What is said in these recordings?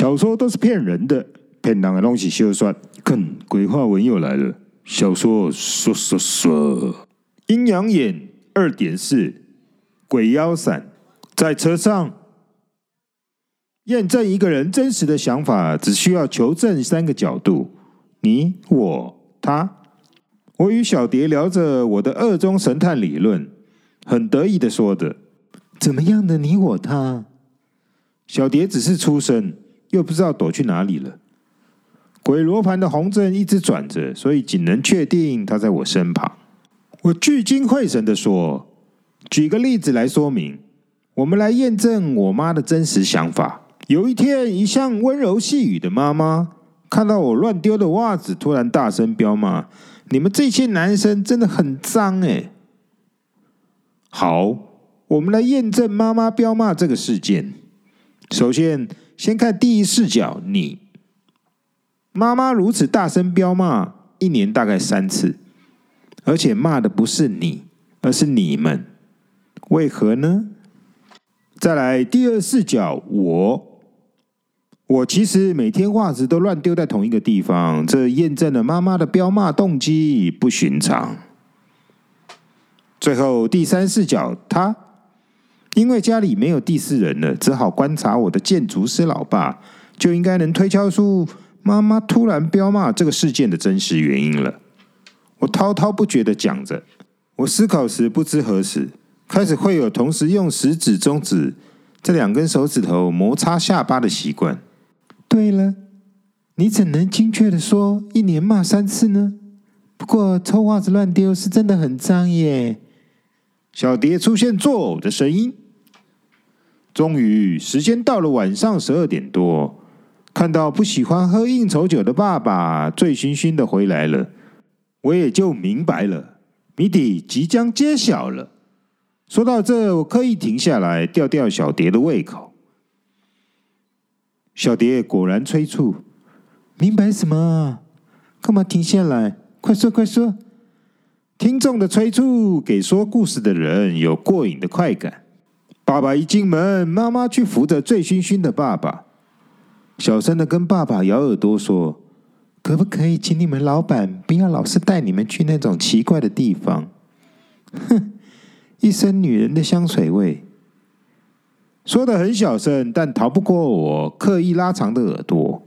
小說都是騙人的，騙人的東西休算。看鬼話文又來了。小說說說說，說《說陰陽眼二點四》《鬼妖傘》。在車上驗證一個人真實的想法，只需要求證三個角度：你、我、他。我與小蝶聊着我的“二中神探”理論，很得意的說著：“怎麼樣的你、我、他？”小蝶只是出生。又不知道躲去哪裡了。鬼羅盤的紅針一直轉着，所以僅能確定他在我身旁。我聚精會神的說：“舉個例子來說明，我們來驗證我媽的真實想法。有一天，一向溫柔細語的媽媽看到我亂丟的襪子，突然大聲飆罵：‘你們這些男生真的很髒誒！’好，我們來驗證媽媽飆罵這個事件。”首先，先看第一視角，你。媽媽如此大聲飆罵，一年大概三次，而且罵的不是你，而是你們，為何呢？再來，第二視角，我，我其實每天襪子都亂丟在同一個地方，這驗證了媽媽的飆罵動機不尋常。最後第三視角，她。因為家裡沒有第四人了，只好觀察我的建築師老爸，就應該能推敲出媽媽突然飆罵這個事件的真實原因了。我滔滔不絕的講着，我思考時不知何時開始會有同時用食指、中指這兩根手指頭摩擦下巴的習慣。對了，你怎能精確的說一年罵三次呢？不過臭襪子亂丟是真的很髒耶。小蝶出現作嘔的聲音。.終於，時間到了晚上十二點多，看到不喜歡喝應酬酒的爸爸醉醺醺的回來了，我也就明白了，謎底即將揭曉了。說到這，我刻意停下來吊吊小蝶的胃口。小蝶果然催促：“明白什麼？幹嘛停下來？快說快說！”聽眾的催促給說故事的人有過癮的快感。爸爸一進門，媽媽去扶着醉醺醺的爸爸，小聲的跟爸爸咬耳朵說：“可不可以請你們老板不要老是帶你們去那種奇怪的地方？”哼，一身女人的香水味。說的很小聲，但逃不過我刻意拉長的耳朵。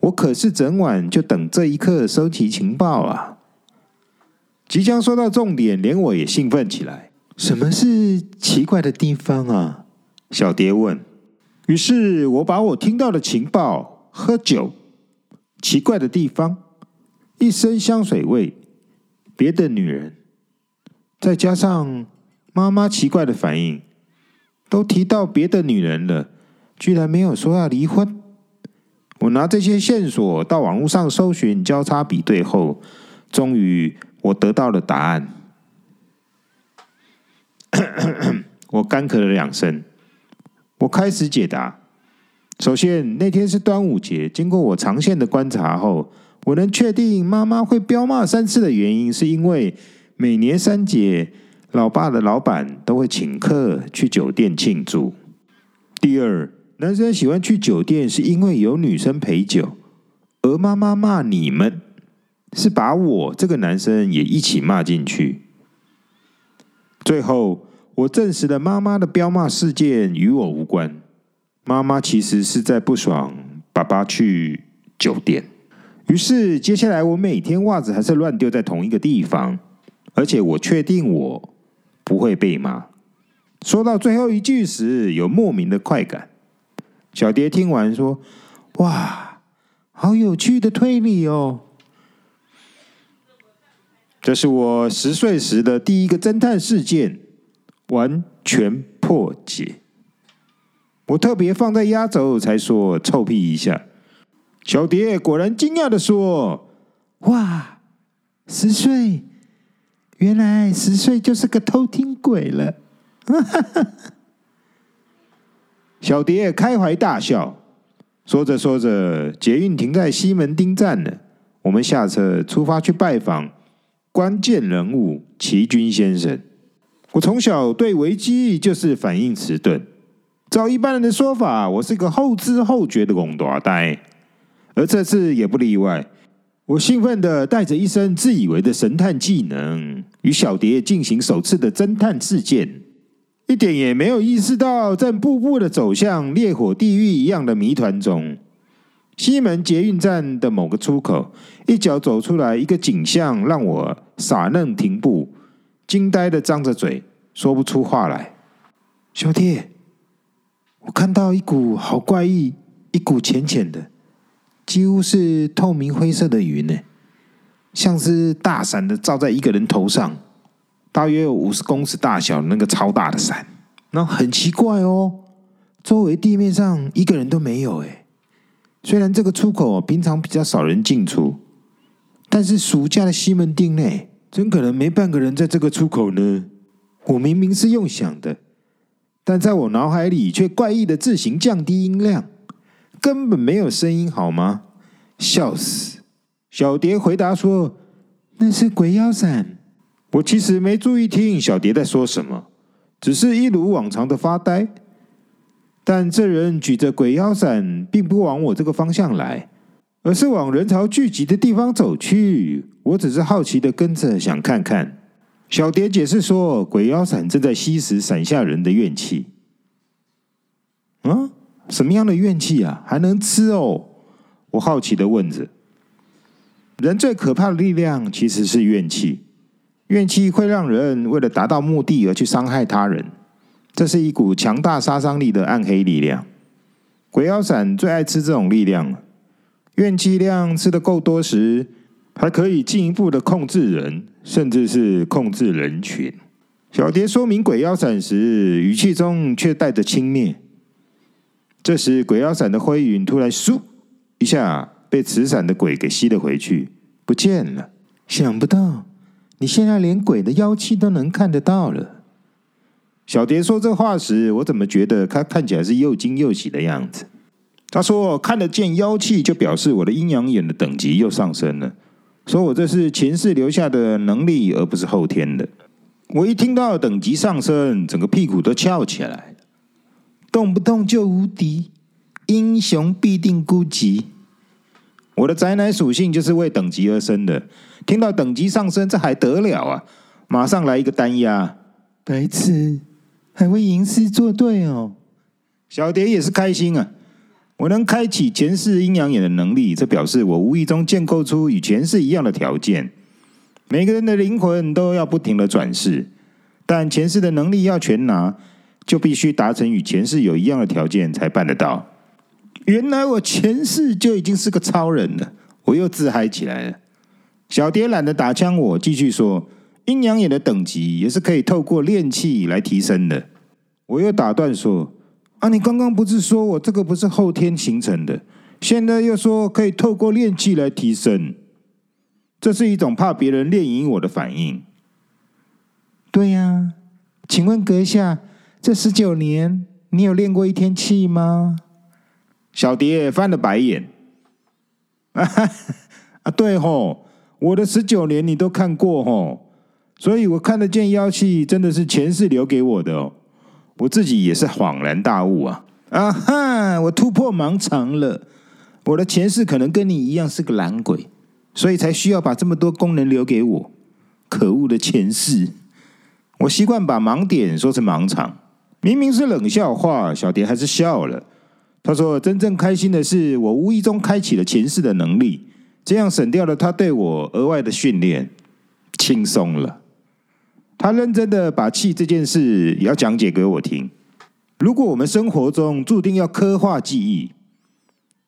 我可是整晚就等這一刻收集情報啊！即將說到重點，連我也興奮起來。什麼是奇怪的地方啊？小蝶問。於是我把我聽到的情報：喝酒，奇怪的地方，一身香水味，別的女人，再加上媽媽奇怪的反應，都提到別的女人了，居然沒有說要離婚。我拿這些線索到網絡上搜尋、交叉比對後，終於我得到了答案。 我乾咳了兩聲，我開始解答。首先，那天是端午節，經過我長線的觀察後，我能確定媽媽會飆罵三次的原因，是因為每年三節，老爸的老板都會請客去酒店慶祝。第二，男生喜歡去酒店，是因為有女生陪酒，而媽媽罵你們，是把我這個男生也一起罵進去。最後，我證實了媽媽的飆罵事件與我無關。媽媽其實是在不爽爸爸去酒店。於是，接下來我每天襪子還是亂丟在同一個地方，而且我確定我不會被罵。說到最後一句時，有莫名的快感。小蝶聽完說：“哇，好有趣的推理哦！”這是我十歲時的第一個偵探事件，完全破解。我特別放在壓軸才說臭屁一下。小蝶果然驚訝的說：“哇，十歲，原來十歲就是個偷聽鬼了！”哈哈。小蝶開懷大笑。說着說着，捷運停在西門町站了。我們下車，出發去拜訪。關鍵人物齊軍先生，我從小對危機就是反應遲鈍，照一般人的說法，我是個後知後覺的戇大呆，而這次也不例外。我興奮的帶着一身自以為的神探技能，與小蝶進行首次的偵探事件，一點也沒有意識到正步步的走向烈火地獄一樣的謎團中。西門捷運站的某個出口，一腳走出來，一個景象，讓我傻愣停步，驚呆的張着嘴，說不出話來。兄弟，我看到一股好怪異，一股淺淺的，幾乎是透明灰色的雲呢，像是大傘的罩在一個人頭上，大約有五十公尺大小的那個超大的傘，然後很奇怪哦，周圍地面上一個人都沒有哎。雖然這個出口平常比較少人進出，但是暑假的西門町內怎可能沒半個人在這個出口呢？我明明是用想的，但在我腦海裡卻怪異的自行降低音量，根本沒有聲音，好嗎？笑死！小蝶回答說：“那是鬼妖傘。”我其實沒注意聽小蝶在說什麼，只是一如往常的發呆。但這人舉着鬼妖傘，並不往我這個方向來，而是往人潮聚集的地方走去。我只是好奇的跟着，想看看。小蝶解釋說，鬼妖傘正在吸食傘下人的怨氣。嗯，什麼樣的怨氣啊？還能吃哦？我好奇的問着。人最可怕的力量其實是怨氣，怨氣會讓人為了達到目的而去傷害他人。這是一股強大殺傷力的暗黑力量，鬼妖傘最愛吃這種力量了。怨氣量吃得夠多時，還可以進一步的控制人，甚至是控制人群。小蝶說明鬼妖傘時，語氣中卻帶着輕蔑。這時，鬼妖傘的灰雲突然咻一下被持傘的鬼給吸了回去，不見了。想不到，你現在連鬼的妖氣都能看得到了。小蝶說這話時，我怎麼覺得她看起來是又驚又喜的樣子？她說：“看得見妖氣，就表示我的陰陽眼的等級又上升了。”說：“我這是前世留下的能力，而不是後天的。”我一聽到等級上升，整個屁股都翹起來了。動不動就無敵，英雄必定孤寂。我的宅男屬性就是為等級而生的，聽到等級上升，這還得了啊？馬上來一個單壓，白痴！還為吟詩作對哦，小蝶也是開心啊！我能開啟前世陰陽眼的能力，這表示我無意中建構出與前世一樣的條件。每個人的靈魂都要不停的轉世，但前世的能力要全拿，就必須達成與前世有一樣的條件才辦得到。原來我前世就已經是個超人了，我又自嗨起來了。小蝶懶得打槍，我繼續說。陰陽眼的等級也是可以透過練氣來提升的。我又打斷說：“啊，你剛剛不是說我這個不是後天形成的，現在又說可以透過練氣來提升，這是一種怕別人練贏我的反應。”對呀，啊，請問閣下，這十九年你有練過一天氣嗎？小蝶翻了白眼。啊 哈啊！對吼，我的十九年你都看過吼。所以，我看得見妖氣，真的是前世留給我的哦。我自己也是恍然大悟啊！啊哈，我突破盲腸了。我的前世可能跟你一樣是個懶鬼，所以才需要把這麼多功能留給我。可惡的前世！我習慣把盲點說成盲腸，明明是冷笑話。小蝶還是笑了。她說：“真正開心的是，我無意中開啟了前世的能力，這樣省掉了他對我額外的訓練，輕鬆了。”他認真的把氣這件事也要講解給我聽。如果我們生活中注定要刻畫記憶，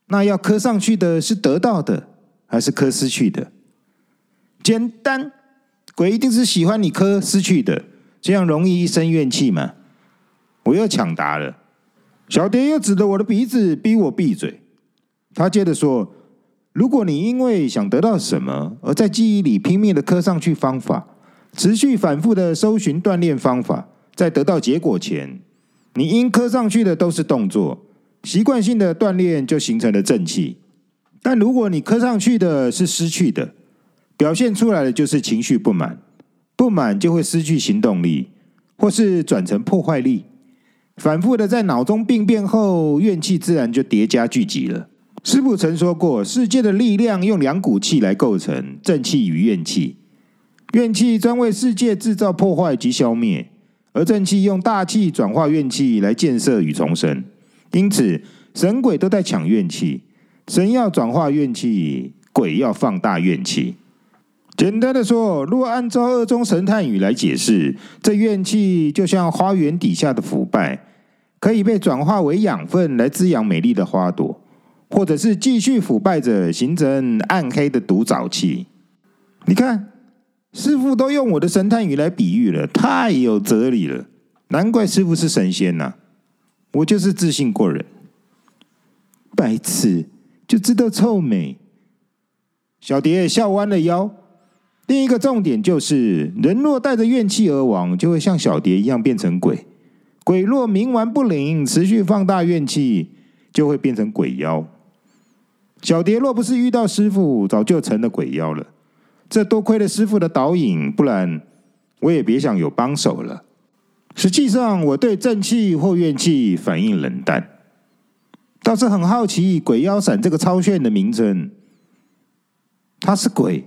那要刻上去的是得到的，還是刻失去的？簡單，鬼一定是喜歡你刻失去的，這樣容易一身怨氣嘛？我又搶答了，小蝶又指着我的鼻子逼我閉嘴。他接着說：如果你因為想得到什麼，而在記憶裡拼命的刻上去方法。持續反覆的搜尋鍛鍊方法，在得到結果前，你因磕上去的都是動作，習慣性的鍛鍊就形成了正氣。但如果你磕上去的是失去的，表現出來的就是情緒不滿，不滿就會失去行動力，或是轉成破壞力。反覆的在腦中病變後，怨氣自然就疊加聚集了。師父曾說過，世界的力量用兩股氣來構成，正氣與怨氣。怨氣專為世界製造破壞及消滅，而正氣用大氣轉化怨氣來建設與重生。因此，神鬼都在搶怨氣，神要轉化怨氣，鬼要放大怨氣。簡單的說，如果按照二中神探語來解釋，這怨氣就像花園底下的腐敗，可以被轉化為養分來滋養美麗的花朵，或者是繼續腐敗者形成暗黑的毒沼氣。你看。師傅都用我的神探語來比喻了，太有哲理了，難怪師傅是神仙吶、啊！我就是自信過人，白痴就知道臭美。小蝶笑彎了腰。另一個重點就是，人若帶着怨氣而亡，就會像小蝶一樣變成鬼；鬼若冥頑不靈，持續放大怨氣，就會變成鬼妖。小蝶若不是遇到師傅，早就成了鬼妖了。這多虧了師傅的導引，不然我也別想有幫手了。實際上，我對正氣或怨氣反應冷淡，倒是很好奇“鬼妖傘”這個超炫的名稱。他是鬼，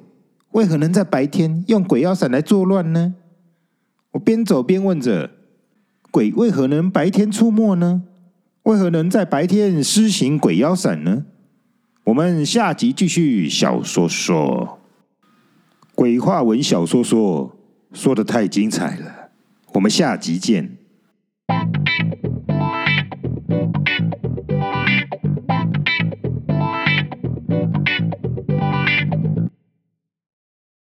為何能在白天用鬼妖傘來作亂呢？我邊走邊問着：“鬼為何能白天出沒呢？為何能在白天施行鬼妖傘呢？”我們下集繼續小說說。鬼話文小說說說得太精彩了，我們下集見。